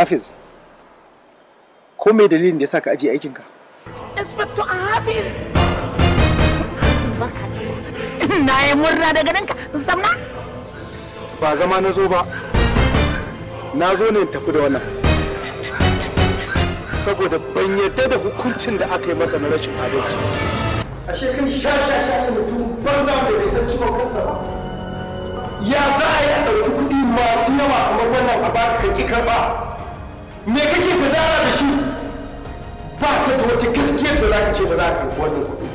Hafiz, ko mai dalilin da ya sa ka ajiye aikinka? Inspector Hafiz! Na yi murna da ganinka, zama. Ba zama na zo ba, na zo ne tafi da wannan. Saboda ban yarda da hukuncin da aka yi masa na rashin adalci. A kan sha sha sha ta mutum banza mai bai san ciwon kansa ba. Ya za a yi ɗauki kuɗi masu yawa kamar wannan a ba ka ƙi karɓa. me kake gadara da shi ba ka da wata gaskiyar da za ka ce ba za ka karɓi wannan kuɗi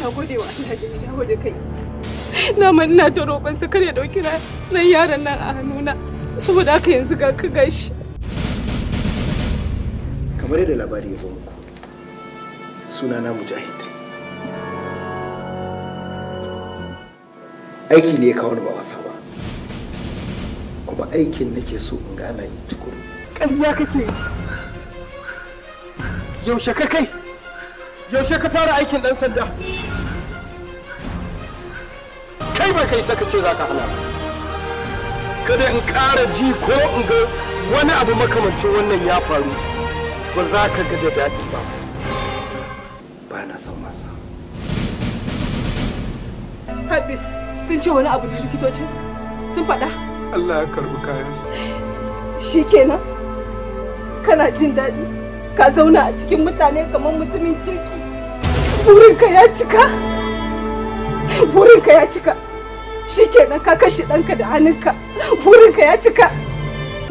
Na gode wa Allah da ya dawo kai. na man ina ta kar ya ɗauki ran yaron nan a hannuna saboda haka yanzu ga ka gashi kamar yadda labari ya zo muku sunana mujahid aiki ne kawar ba wasa ba kuma aikin nake so in gana yi tukuru ƙarya kake yaushe ka kai yaushe ka fara aikin ɗan sanda kai ba kai saka ce za ka hana kada in ƙara ji ko in ga wani abu makamancin wannan ya faru ba za ka ga da daɗi ba ba son habis sun ce wani abu da likitocin sun faɗa allah ya karbi kayansa shi kenan kana jin daɗi ka zauna a cikin mutane kamar mutumin kirki burinka ya cika burinka ya cika shi kenan ka kashe ɗanka da hannunka burinka ya cika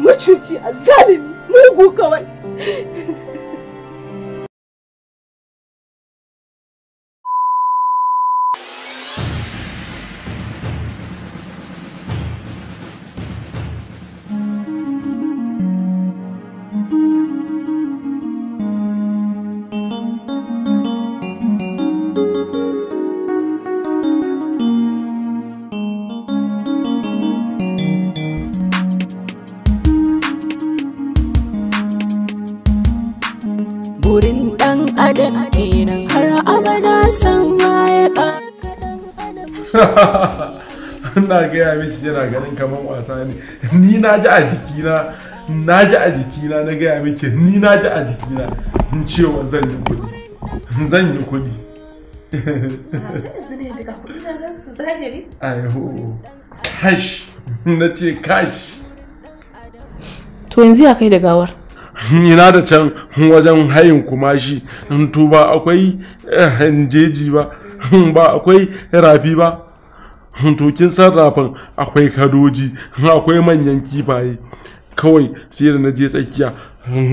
mucuci a zalimi mugu kawai na gaya miki yana ganin kamar wasa ne ni na ji a jikina na ji a jikina na gaya miki ni na ji a jikina in cewa zan yi kuɗi zan yi kuɗi masu yanzu ne daga na su zahiri kash na ce kash to yanzu ya kai da gawar ina da can wajen hayin kumashi in ba akwai eh, jeji ba ba akwai rafi ba to kin san rafin akwai kadoji akwai manyan kifaye kawai sai da na je tsakiya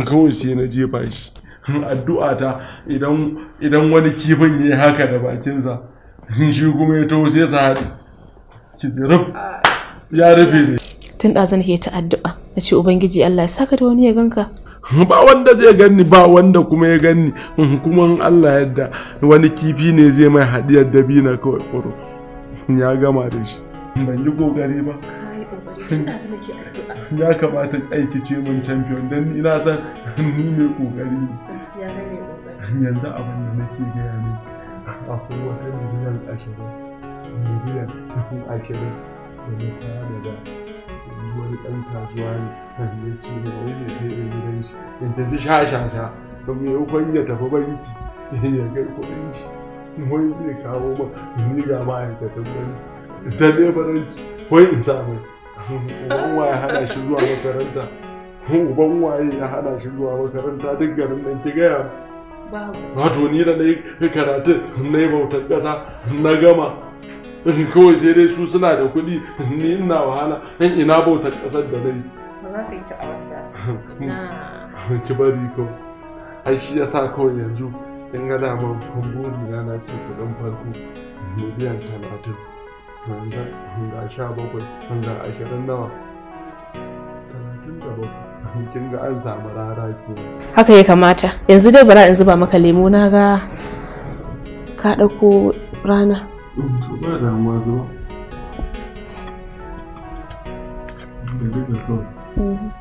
kawai sai na je bashi addu'a ta idan wani kifin ya yi haka da bakinsa shi kuma ya taho sai sa haɗi ki ya rufe ne tun ɗazan ke ta addu'a na ce ubangiji allah ya saka da wani ya ganka ba wanda zai ganni ba wanda kuma ya ganni kuma allah yadda wani kifi ne zai mai haɗiyar dabina kawai kuro ya gama da shi ban yi kokari ba ya kamata aiki ce mun champion don ina san ni ne kokari yanzu abin da nake gaya miki akwai wata miliyan ashirin miliyan ashirin da na fara da wani ɗan kasuwa ne ya ce da wani ne sai da gidan shi yanzu sha sha sha ba mai kwai ya tafi banki ya kai kuɗin shi wai zai kawo ma miliya ma'aikatan gwamnati da lebaranci wai in sa mai uban waye hana shi zuwa makaranta uban waye ya hana shi zuwa makaranta duk garin nan ki gaya wato ni da na karatu na yi bautar ƙasa na gama kawai sai dai su suna da kuɗi ni ina wahala in ina bautar ƙasar da na yi ba za ka yi ta a wanzar ki bari kawai ai shi yasa kawai yanzu kin ga dama babban na na ci kudin farko miliyan talatin hanga hanga sha bakwai hanga ashirin nawa talatin da bakwai kin ga an samu rara ke haka ya kamata yanzu dai bara in zuba maka lemo na ga ka ɗauko rana to ba damuwa zuba da duka kawai mm-hmm.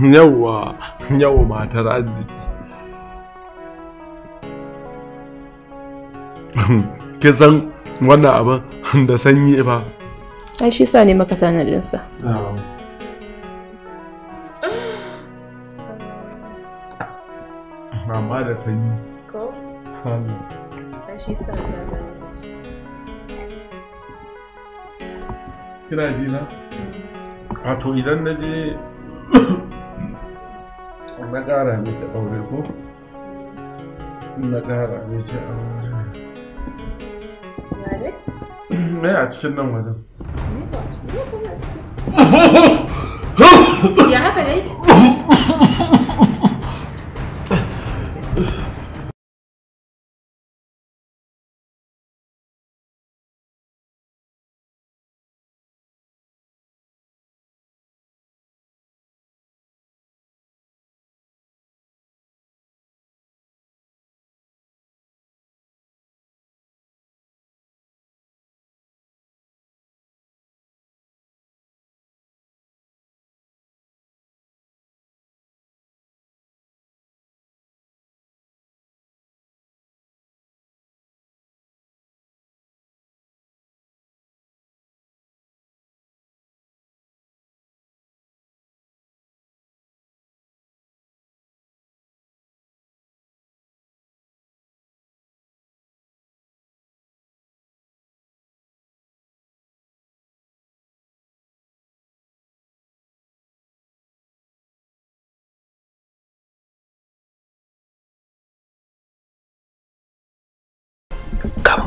yawwa yawwa matar arziki kin san wannan abin da sanyi ba ai shi sa ne maka tanadinsa amma da sanyi ko? shi sa ta kina ji na? Mm. a to idan na je na ƙara miki aure ko na ƙara miki aure a cikin nan wajen. Ya haka dai?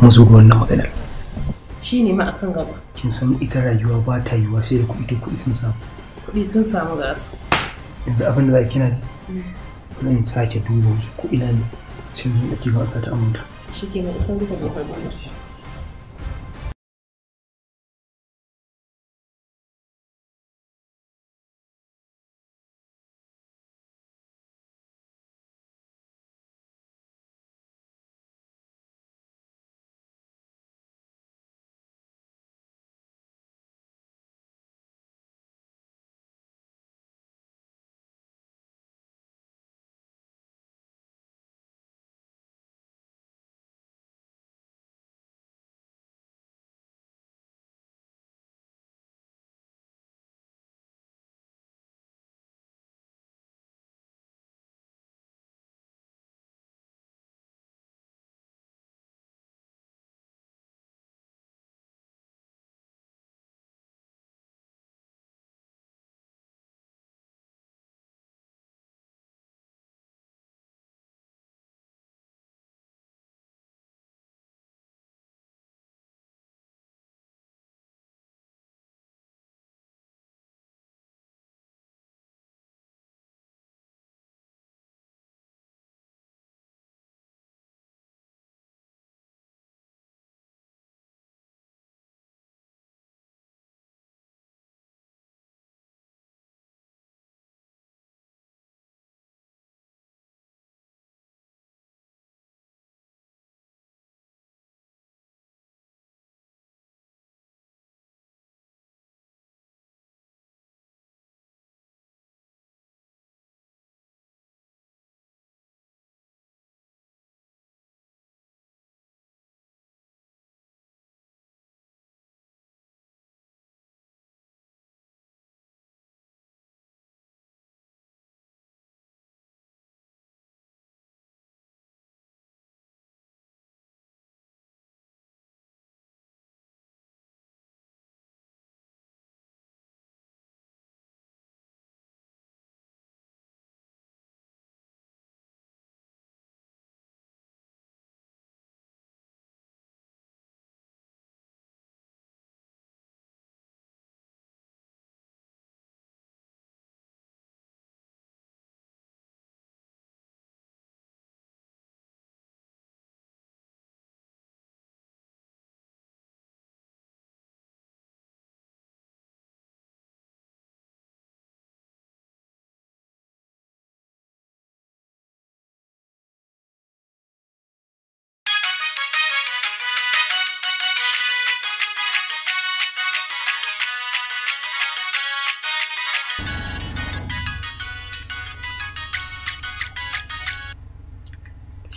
mu zo ga wannan maganar shi ne ma akan gaba kin san ita rayuwa ba ta yiwa sai da kuɗi kuɗi sun samu kuɗi sun samu ga su yanzu abin da za kina ji mm. zan sake duba wasu kuɗi na ne sai mu ake ba sa ta aminta shi ke na isan duka gobe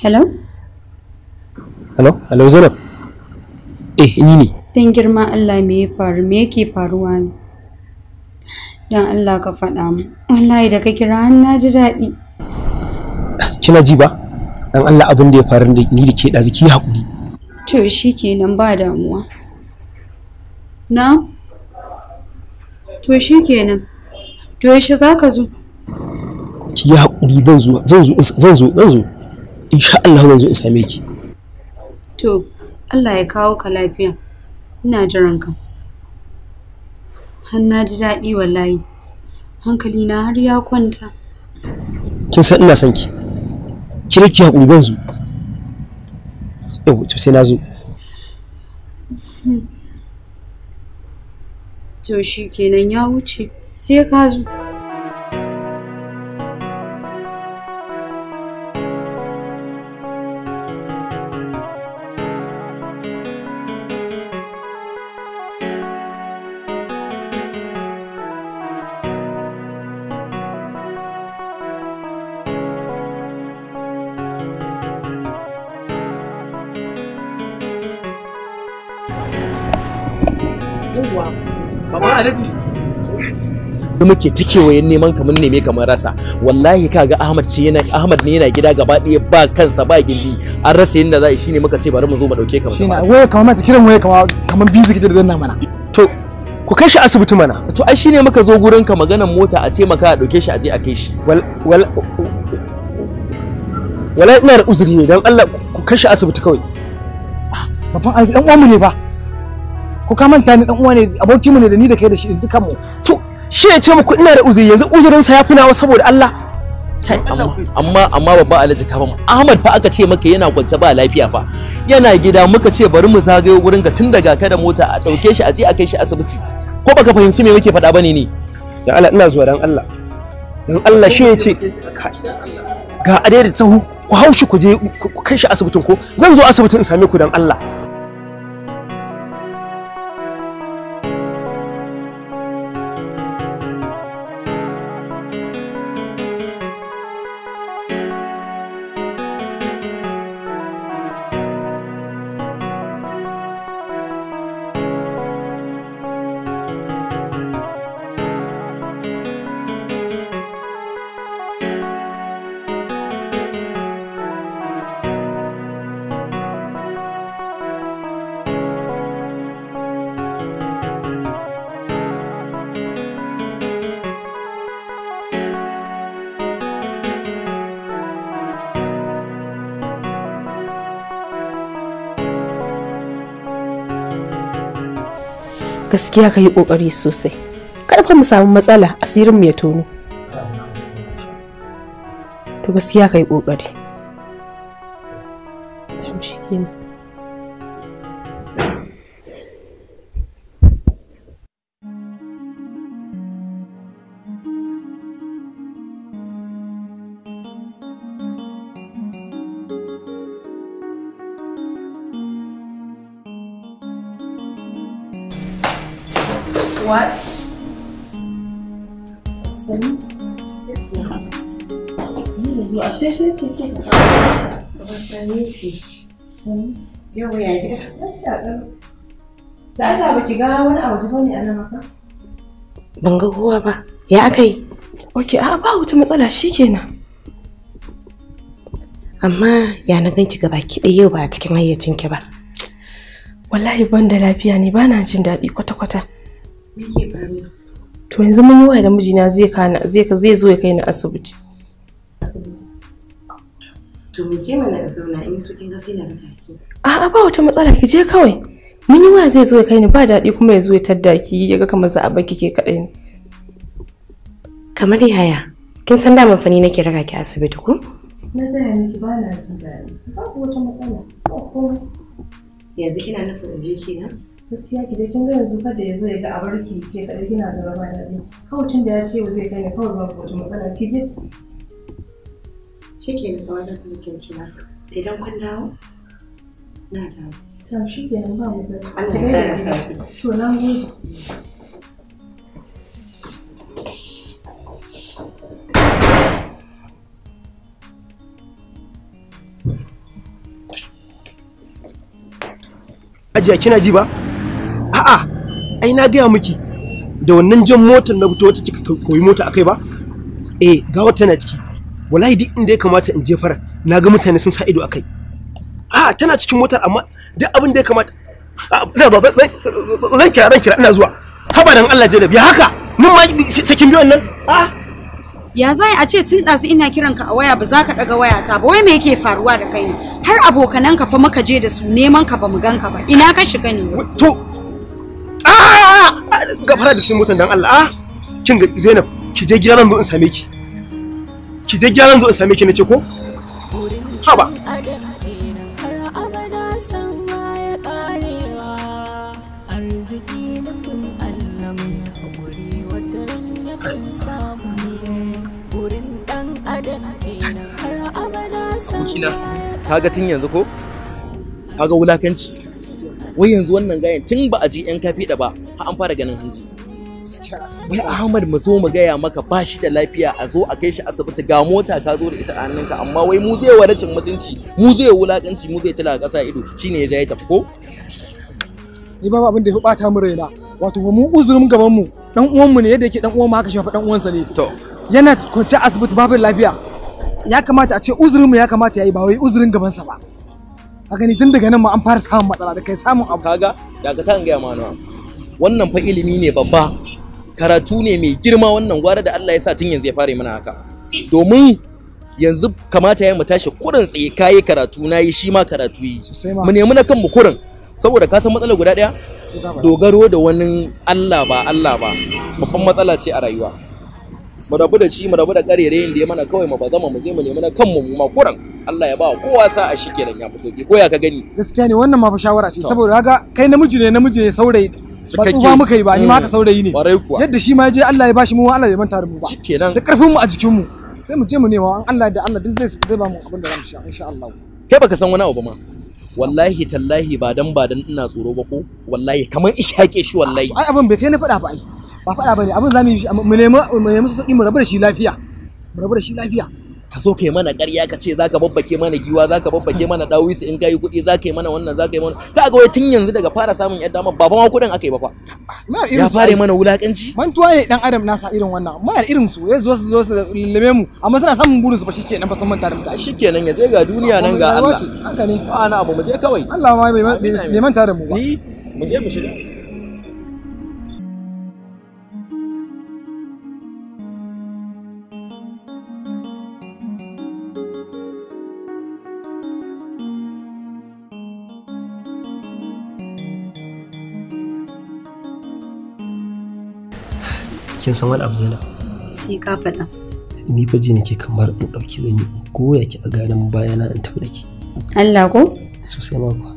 hello hello hello zainab eh ni ne dan girma Allah me ya faru me yake faruwa ne dan Allah ka faɗa mu wallahi da ka kira na ji daɗi kina ji ba dan Allah abin da ya faru da ni da ke ɗazu ki haƙuri to kenan ba damuwa na to shikenan to yaushe ka zo ki yi haƙuri zan zo zan zo zan zo insha Allah zan zo in same ki to Allah ya kawo ka lafiya ina jiran ka har na ji daɗi wallahi hankali na har ya kwanta kin san ina son ki ki rike hakuri zan zo yau to sai na zo to shi kenan ya wuce sai ka zo muke ta kewayen neman ka mun neme ka mun rasa wallahi kaga Ahmad ce yana Ahmad ne yana gida gaba ɗaya ba kansa ba gindi an rasa yadda za a yi shine muka ce bari mu zo mu dauke ka shine waya kamar mata kiran waya kamar kamar bizi kike da danna mana to ku kai shi asibiti mana to ai shine muka zo gurin ka maganan mota a ce maka a dauke shi a je a kai shi wal wal wala ina da uzuri ne dan Allah ku kai shi asibiti kawai ah, babban arziki dan uwanmu ne ba. ko ka manta ni dan uwa ne aboki mu ne da ni da kai da shi dukan mu to shi ya ce muku ina da uzuri yanzu uzurin sa ya fi nawa saboda Allah amma amma babba alhaji mu. ahmad fa aka ce maka yana kwance ba lafiya fa yana gida muka ce bari mu zagayo gurin ga tun daga ka da mota a dauke shi a je a kai shi asibiti ko baka fahimci me muke faɗa bane ne dan Allah ina zuwa dan Allah dan Allah shi ya ce ga adai da tsahu ku haushi ku je ku kai shi asibitin ko zan zo asibitin in same ku dan Allah gaskiya ka yi ƙoƙari sosai karfa mu samu matsala asirin mu ya tono to gaskiya ka yi ƙoƙari ce yawa ya gida da Allah ba ki ga wani abu ba ne a nan haka ban ga kowa ba ya aka yi ok a ba wata matsala shikenan amma ya na ganki gaba ki ɗaya yau ba a cikin hayyacin ki ba wallahi ban da lafiya ne ba na jin daɗi kwata-kwata to yanzu mun yi wa da mijina zai zo ya kai ni asibiti asibiti To mu mana da zauna in so kin ga sai na raka A'a ba wata matsala ki je kawai. Mun yi waya zai zo ya kai ni ba daɗi kuma ya zo ya tadda ki ya ga kamar za a baki ke kaɗai ne. Kamar yaya? Kin san daman fa nake raka ki asibiti ko? Na gaya miki ba na jin daɗi. Babu wata matsala. Ba komai. Yanzu kina nufin in je kenan? gaskiya ki dai kin ga yanzu da ya zo ya ga a abarki ke kaɗai kina zuba ba daɗi kawai tun da ya ce zai kai ne kawai ba ku matsala ki je shi ke na kawai da tuntun cina idan kun dawo na dawo to shi ke ba mu zai Allah ya kara sauki to na gode Ajiya kina ji ba? A'a, ai na gaya miki da wannan jan motar na fito wacce kika koyi motar akai ba? Eh, ga wata na ciki. wallahi duk inda ya kamata in jefar na ga mutane sun sa ido akai a tana cikin motar amma duk abin da ya kamata ina ba zan kira zan kira ina zuwa haba dan Allah jalab ya haka mun ma sakin biyon nan a ya zai a ce tun ɗazu ina kiran ka a waya ba za ka ɗaga wayata ba wai me yake faruwa da kai ne har abokanan ka fa muka je da su neman ka ba mu gan ka ba ina ka shiga ne to a gafara da cikin motar dan Allah a kin ga Zainab ki je gidan nan don in same ki ki je gyaran zo in same ki nace ko haba Kina, kaga tun yanzu ko? Kaga wulakanci. Wai yanzu wannan gayan tun ba a ji 'yan kafi da ba, har an fara ganin hanji. wai ahmad mu zo mu gaya maka ba shi da lafiya a zo a kai shi asibiti ga mota ka zo da ita a hannunka amma wai mu zai wa rashin mutunci mu zai wulakanci mu zai tila ƙasa ido shine ya ja ya tafi ko ni babu abin da ya bata mu raina wato mu uzurin gaban mu dan uwan mu ne yadda yake dan uwan mu haka fa dan sa ne to yana kwance asibiti babu lafiya ya kamata a ce uzurin mu ya kamata yayi ba wai uzurin gaban sa ba haka ni tun daga nan ma an fara samun matsala da kai samun abu kaga daga ta gaya ma wannan fa ilimi ne babba karatu ne mai girma wannan gwara da Allah ya sa tun yanzu ya fara mana haka domin yanzu kamata ya mu tashi kurin tsaye kayi karatu na yi shi ma karatu yi mu nemi na kanmu kurin saboda ka san matsala guda ɗaya dogaro da wani Allah ba Allah ba musan matsala ce a rayuwa mu rabu da shi mu rabu da ƙarerayin da ya mana kawai mu zama mu je mu nemi na kanmu mu ma kurin. Allah ya ba kowa sa a shi kenan ya fi sauki ko ya ka gani gaskiya ne wannan ma fa shawara ce saboda kaga kai namiji ne namiji ne saurayi ba tsufa muka yi ba ni ma ka eh, saurayi ne yadda shi ma ya je Allah ya bashi mu Allah ya manta da mu ba da karfin mu a jikin mu sai mu je mu nema an Allah da Allah duk zai zai ba mu abin da zamu sha insha Allah kai baka san wani abu ba ma wallahi tallahi ba dan ba dan ina tsoro ba ko wallahi kamar ishake shi wallahi ai abin bai kai na faɗa ba ai ba faɗa bane abin zamu yi mu nemi mu nemi sauki mu rabu da shi lafiya mu rabu da shi lafiya ka so kai mana ƙarya ka ce zaka babbake mana giwa zaka babbake mana dawisi in kai kuɗi zaka yi mana wannan zaka yi mana ka ga wai tun yanzu daga fara samun yadda ma baba ma kuɗin aka yi ba fa ya fare mana wulakanci mantuwa ne dan adam nasa irin wannan ma irin su ya zo su zo su lalleme mu amma suna samun burin su shike nan ba san manta da mutane shikenan ya je ga duniya nan ga Allah haka ne ba na abu mu je kawai Allah ma bai manta da mu ba ni mu je mu shiga kin san wani abu zana sai ka faɗa ni fa ji nake kamar in ɗauki zan yi goya ki a ganin bayana in tafi da ki Allah ko sosai ma kuwa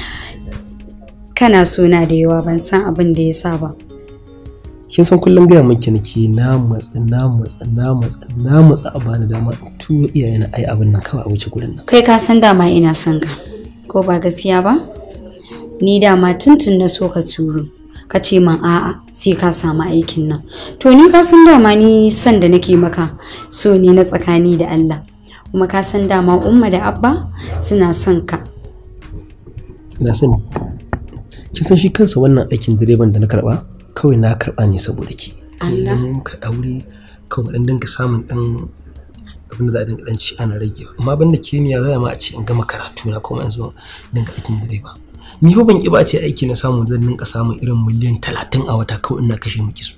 kana suna da yawa ban san abin da ya sa ba kin san kullum gaya miki nake na matsa na matsa na matsa na matsa a bani dama tuwo iyayena ai abin nan kawai a wuce gurin nan kai ka san dama ina son ka ko ba gaskiya ba ni dama tuntun na so ka turo ka ce min a'a sai ka samu aikin nan to ni ka san dama ni san da nake maka so ni na tsakani da Allah kuma ka san dama umma da abba suna son ka na sani kin san shi kansa wannan aikin direban da na karba kawai na karba ne saboda ki Allah ka daure kawai dan dinka samun dan abin da za a dinga dan ci ana ragewa amma banda kimiyya za ma a ce in gama karatu na kuma yanzu dinga aikin direba ni fa ban ki ce aiki na samu zan ninka samun irin miliyan talatin a wata kawai ina kashe miki su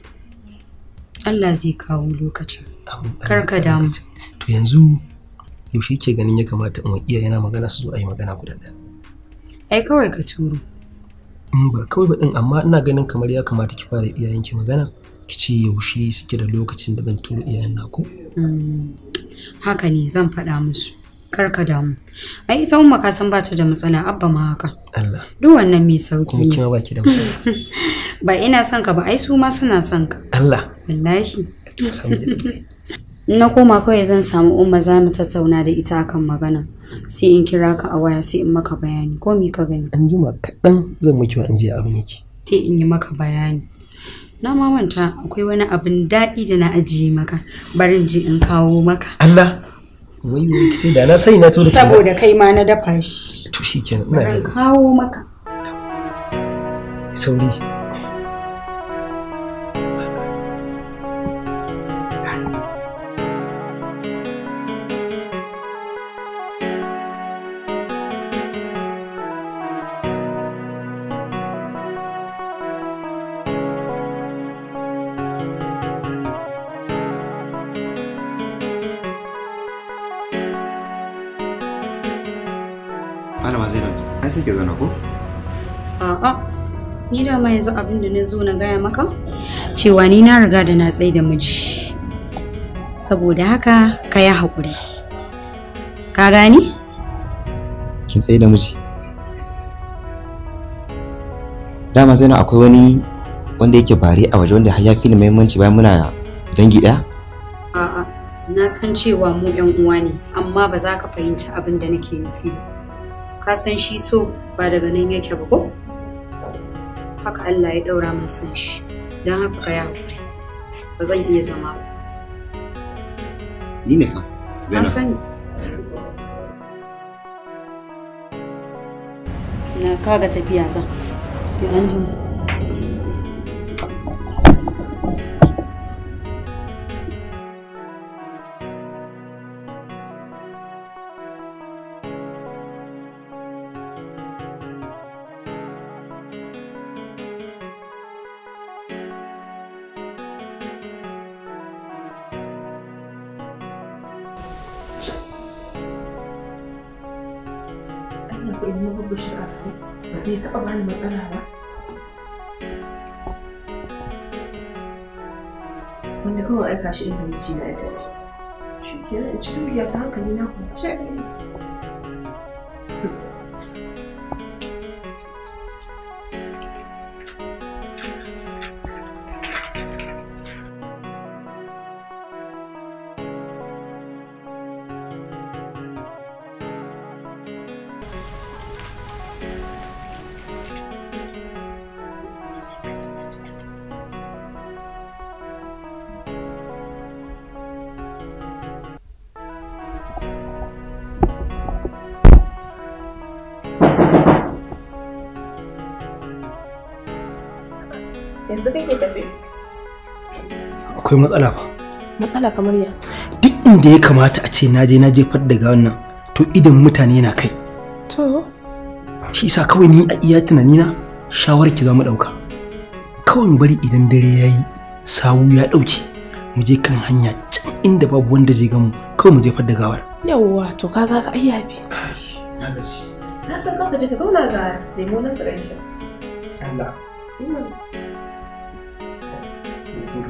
Allah zai kawo lokacin kar ka damu to yanzu yaushe ke ganin ya kamata in iya yana magana su zo a yi magana guda ɗaya ai kawai ka turo mm, ba kawai ba din amma ina ganin kamar ya kamata ki fara iyayen ki magana ki ce yaushe suke da lokacin da zan turo iyayen naku mm. haka ne zan faɗa musu kar ka damu ai ita umma ka san bata da matsala abba ma haka Allah duk wannan mai sauki kuma baki da matsala ba ina son ka ba ai su ma suna son ka Allah wallahi na koma kawai zan samu umma za mu tattauna da ita akan magana sai in kira ka a waya sai in maka bayani ko me ka gani an jima kaɗan zan miki wa an je abin yake sai in yi maka bayani na ma manta akwai wani abin daɗi da na ajiye maka barin ji in kawo maka Allah wai wai kice da na sai na to saboda kai ma na dafa shi to shikenan ina jin kawo maka sauri sai ki ko? A'a, ni da ma yanzu abin da na zo na gaya maka cewa ni na riga da na tsai da miji. Saboda haka ka yi haƙuri. Ka gani? Kin tsai da miji? Dama sai na akwai wani wanda yake bare a waje wanda har ya fi muhimmanci bayan muna dangi ɗaya? A'a, na san cewa mu 'yan uwa ne, amma ba za ka fahimci abin da nake nufi ba. ka san shi so ba daga nan yake ba ko haka Allah ya daura min san shi dan haka ka ya hakuri ba zan iya zama ba ni ne fa na sani na kaga tafiya zan sai an jima 你真的觉得？你觉得你有担当，你拿什么证明？yanzu kake tafi akwai matsala ba matsala kamar ya duk inda ya kamata a ce naje na jefar daga wannan to idan mutane na kai to shi sa kawai ni a iya tunani na tunanina ki za mu ɗauka kawai mu bari idan dare ya yi sawu ya ɗauke mu je kan hanya can inda babu wanda zai gamu kawai mu jefar daga gawar yawwa to kaga ka ai yafi na san kanka je ka zauna ga lemonan ƙarshen Allah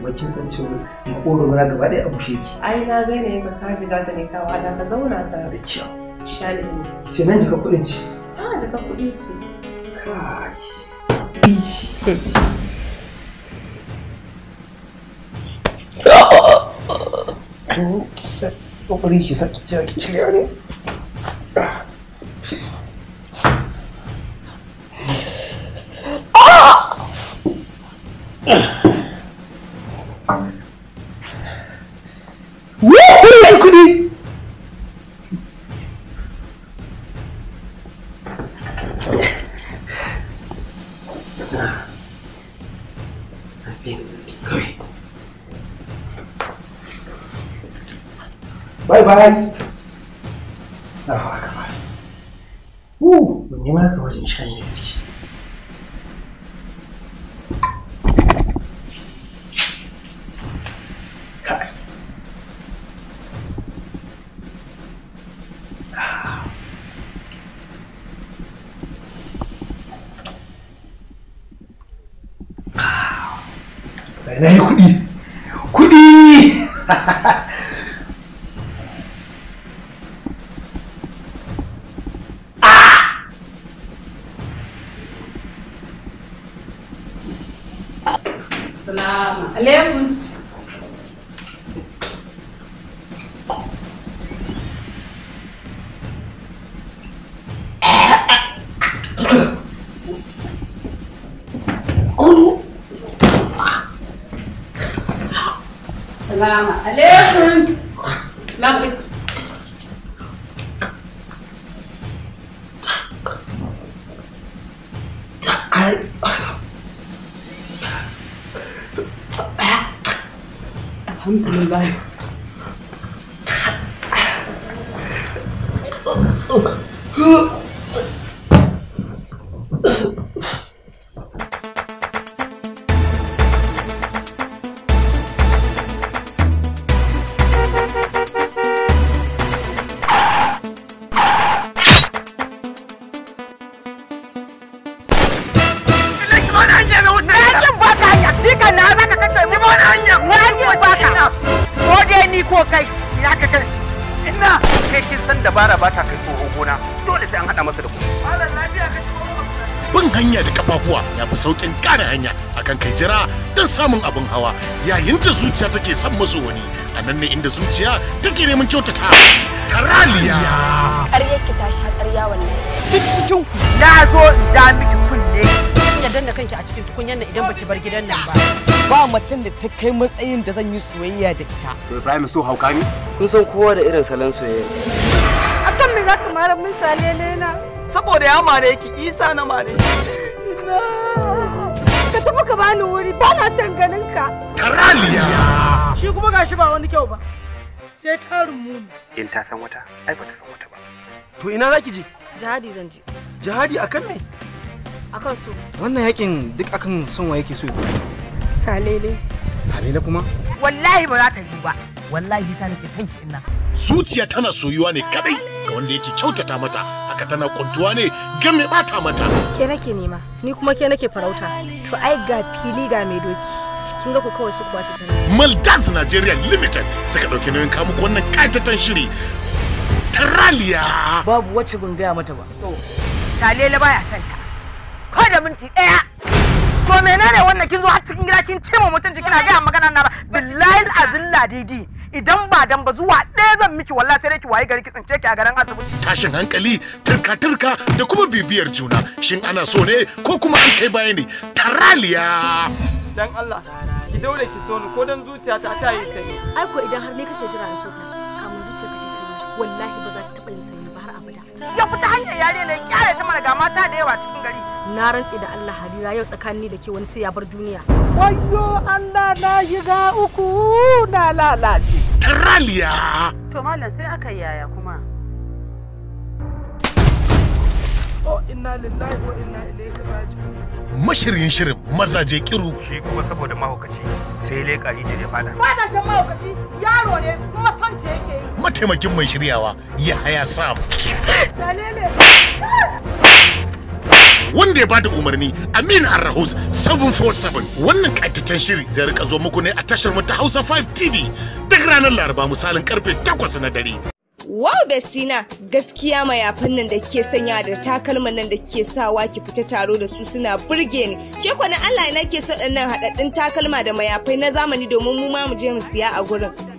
bakin kin san cewa makoro na gaba ɗaya a bushe ki ai na gane ne ka ka jiga ta ne kawo da ka zauna ka. da kyau shali ne ce nan jika kuɗin ci? Ha jika kuɗi ci. kai kokari ki saki ki cire ne ah. говорить. Давай, говори. У, ну, не могу ничего не идти. na Ха-ха. kuɗi 11 سلام عليكم مغرب إيه؟ I الحمد لله don samun abin hawa yayin da zuciya take son maso wani a nan ne inda zuciya take neman kyautata taraliya ƙaryar ki ta sha ƙarya wannan duk cikin ku na zo in ja miki kunne ya danna kanki a cikin tukunyar nan idan baki bar gidan nan ba ba macen da ta kai matsayin da zan yi soyayya da ita to Ibrahim so hauka ni kun san kowa da irin salon soyayya akan me zaka mara misali ne na saboda ya mare ki Isa na mare ki tafi muka bani wuri ba na son ganin ka. Taraliya. Shi kuma gashi ba wani kyau ba. Sai tarin mu. In ta san wata, ai ba ta san wata ba. To ina za ki je? Jihadi zan je. Jihadi akan me? Akan so. Wannan yakin duk akan son wa yake so. Salele. Salele kuma? Wallahi ba za ta yi ba. wallahi ta nake kanki inna zuciya tana soyuwa ne kadai ga wanda yake kyautata mata haka tana kuntuwa ne ga mai bata mata ke nake nema ni kuma ke nake farauta to ai ga fili ga mai doki kin ga ku kawai su kwace ta Maldas Nigeria Limited suka dauki nauyin muku wannan kaitatan shiri Taraliya babu wacce ban gaya mata ba to Talele baya santa ko da minti daya to menene wannan kin zo har cikin gida kin ce ma mutunci kina ga magana na ba billahi azilla didi idan ba dan ba zuwa ɗaya zan miki wallahi sai dai ki waye gari ki tsince ki a garin asibiti tashin hankali turka turka da kuma bibiyar juna shin ana so ne ko kuma an kai baya ne taraliya dan Allah ki daure ki so ni ko dan zuciya ta ta yi sani. ai ko idan har ne kake jira na so ka kamun zuciya ka ta sani wallahi ya fita hanyar yare ne kyara ta malaga mata da yawa cikin gari na rantse da Allah harira yau tsakanin da ke wani sai ya bar duniya wayo Allah na shiga uku na lalace taraliya to mallan sai aka yaya kuma Oh, inna lillahi wa inna ilaihi raji'un. Mashirin shirin mazaje kiru. Shi kuma saboda mahaukaci. sai leƙa ne da fada yaro ne kuma son ce yake yi mataimakin mai shiryawa ya haya sam wanda ya bada umarni Amin Arrahus 747 wannan kaitaccen shiri zai rika zo muku ne a tashar mu ta Hausa 5 TV duk ranar Laraba misalin karfe 8 na dare Wow Bestina gaskiya mayafan nan da ke sanya da takalman nan da ke sawa ki fita taro da su suna burge ni. Ke kwana Allah na ke so ɗannan haɗaɗɗun takalma da mayafai na zamani domin mu ma mu je mu siya a gurin.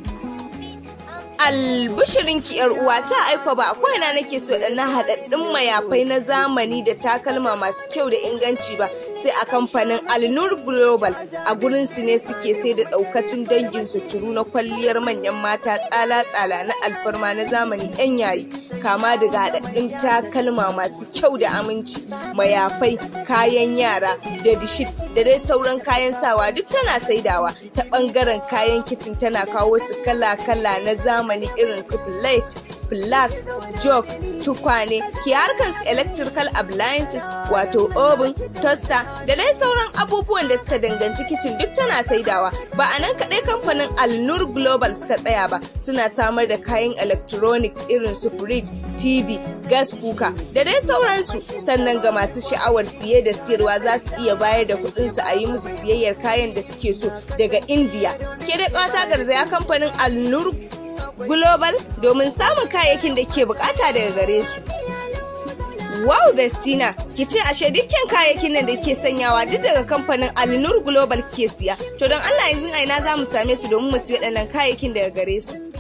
albishirinki yar uwa ta aiko ba akwai na nake so da na haɗaɗɗun mayafai na zamani da takalma masu kyau da inganci ba sai a kamfanin alnur global a gurin su ne suke sai da ɗaukacin dangin suturu na kwalliyar manyan mata tsala-tsala na alfarma na zamani yan yayi kama daga haɗaɗɗun takalma masu kyau da aminci mayafai kayan yara da dishit da dai sauran kayan sawa duk tana saidawa ta ɓangaren kayan kicin tana kawo su kala-kala na zamani zamani irin su plate, flax, jog, tukwane, ki harkar su electrical appliances wato oven, toaster da dai sauran abubuwan da suka danganci kicin duk tana saidawa. Ba a nan kaɗai kamfanin Alnur Global suka tsaya ba suna samar da kayan electronics irin su fridge, TV, gas kuka da dai sauransu. Sannan ga masu sha'awar siye da siyarwa za su iya bayar da su a yi musu siyayyar kayan da suke so daga India. Ke dai ƙwata garzaya kamfanin Alnur Global domin samun kayayyakin da ke bukata daga gare su. Wow Bestina, ki ce ashe dukkan kayayyakin nan da ke sanyawa duk daga kamfanin Alnur Global ke siya. To don Allah yanzu aina za mu same su domin mu siya waɗannan kayayyakin daga gare su.